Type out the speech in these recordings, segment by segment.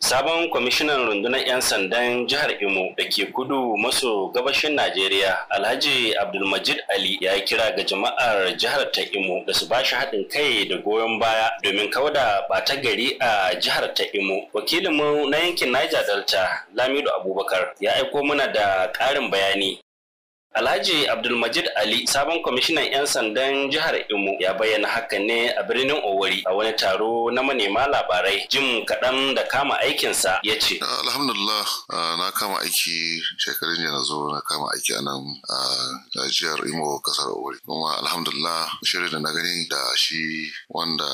Sabon kwamishinan rundunar 'yan sandan jihar Imo da ke kudu maso gabashin Najeriya, Alhaji Abdulmajid Ali ya yi kira ga jama'ar jihar ta Imo da su bashi haɗin kai da goyon baya domin kauda ɓata gari a jihar ta Imo. Wakilinmu na yankin Niger Delta, Lamidu Abubakar, ya aiko mana da ƙarin bayani. Alhaji Abdulmajid Ali sabon kwamishinan 'yan sandan jihar Imo ya bayyana haka ne a birnin Owari a wani taro na manema labarai jim kaɗan da kama aikinsa ya ce. Eh, alhamdulillah ah, na kama aiki shekarun yana na zo na kama aiki a nan ah, a jihar Imo kasar Owari. Kuma alhamdulillah shirin da na gani da shi wanda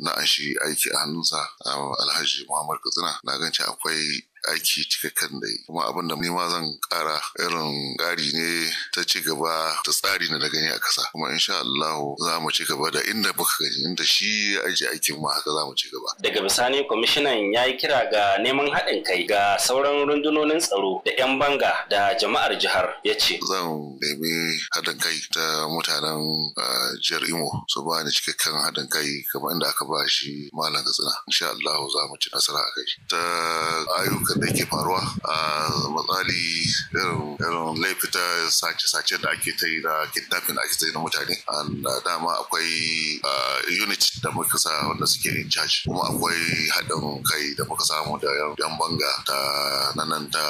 na shi aiki a hannunsa ah, Alhaji Muhammad Katsina na ganci akwai aiki cikakken da yi kuma abin da ni ma zan kara irin gari ne ta ci gaba ta tsari na da gani a kasa kuma insha Allah za mu ci gaba da inda baka gani inda shi ya aji aikin ma haka za mu ci gaba daga bisani kwamishinan ya yi kira ga neman haɗin kai ga sauran rundunonin tsaro da 'yan banga da jama'ar jihar ya ce zan nemi haɗin kai ta mutanen ah, jihar Imo su ba ni cikakken haɗin kai kamar inda aka ba shi malam Katsina insha Allah za mu ci nasara a kai ta ayyukan da ke faruwa a matsali irin laifita sace-sace da ake ta yi da kidnapping da ake ta yi na mutane uh, dama akwai uh, unit da muka sa wanda suke in charge kuma akwai haɗin kai da muka samu da yan banga ta nanan ta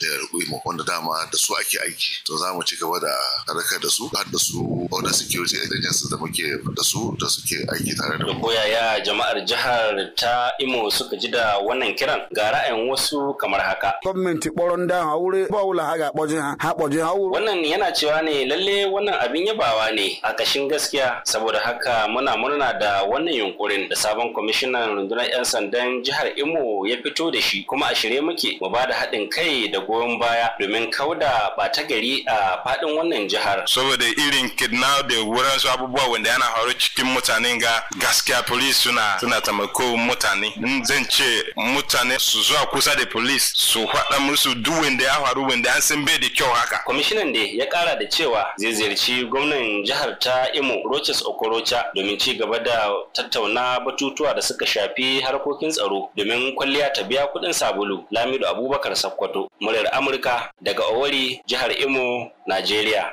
da yarguimo wanda dama da su ake aiki to za mu ci gaba da harkar da su har da su border security agencies da muke da su da suke aiki tare da mu. Koyaya jama'ar jihar ta Imo suka ji da wannan kiran ga ra'ayin wasu kamar haka. Gwamnati ɓoron da ahụ b'a wula haka ha ga ha ha kpọji ha Wannan yana cewa ne lalle wannan abin yabawa ne a kashin gaskiya saboda haka muna murna da wannan yunkurin da sabon kwamishinan rundunar 'yan sandan jihar Imo ya fito da shi kuma a shirye muke mu ba da haɗin kai da goyon baya domin kauda ɓata gari a faɗin wannan jihar. Saboda irin kidna da wurin su abubuwa wanda yana haru cikin mutanen ga gaskiya police suna suna taimako mutane. Zan ce mutane su zuwa kusa da police su faɗa musu duk wanda ya faru wanda an san bai da kyau haka kwamishinan da ya kara da cewa zai ziyarci gwamnan jihar ta imo roches okorocha domin ci gaba da tattauna batutuwa da suka shafi harkokin tsaro domin kwalliya ta biya kuɗin sabulu lamido abubakar sakkwato muryar amurka daga owari jihar imo najeriya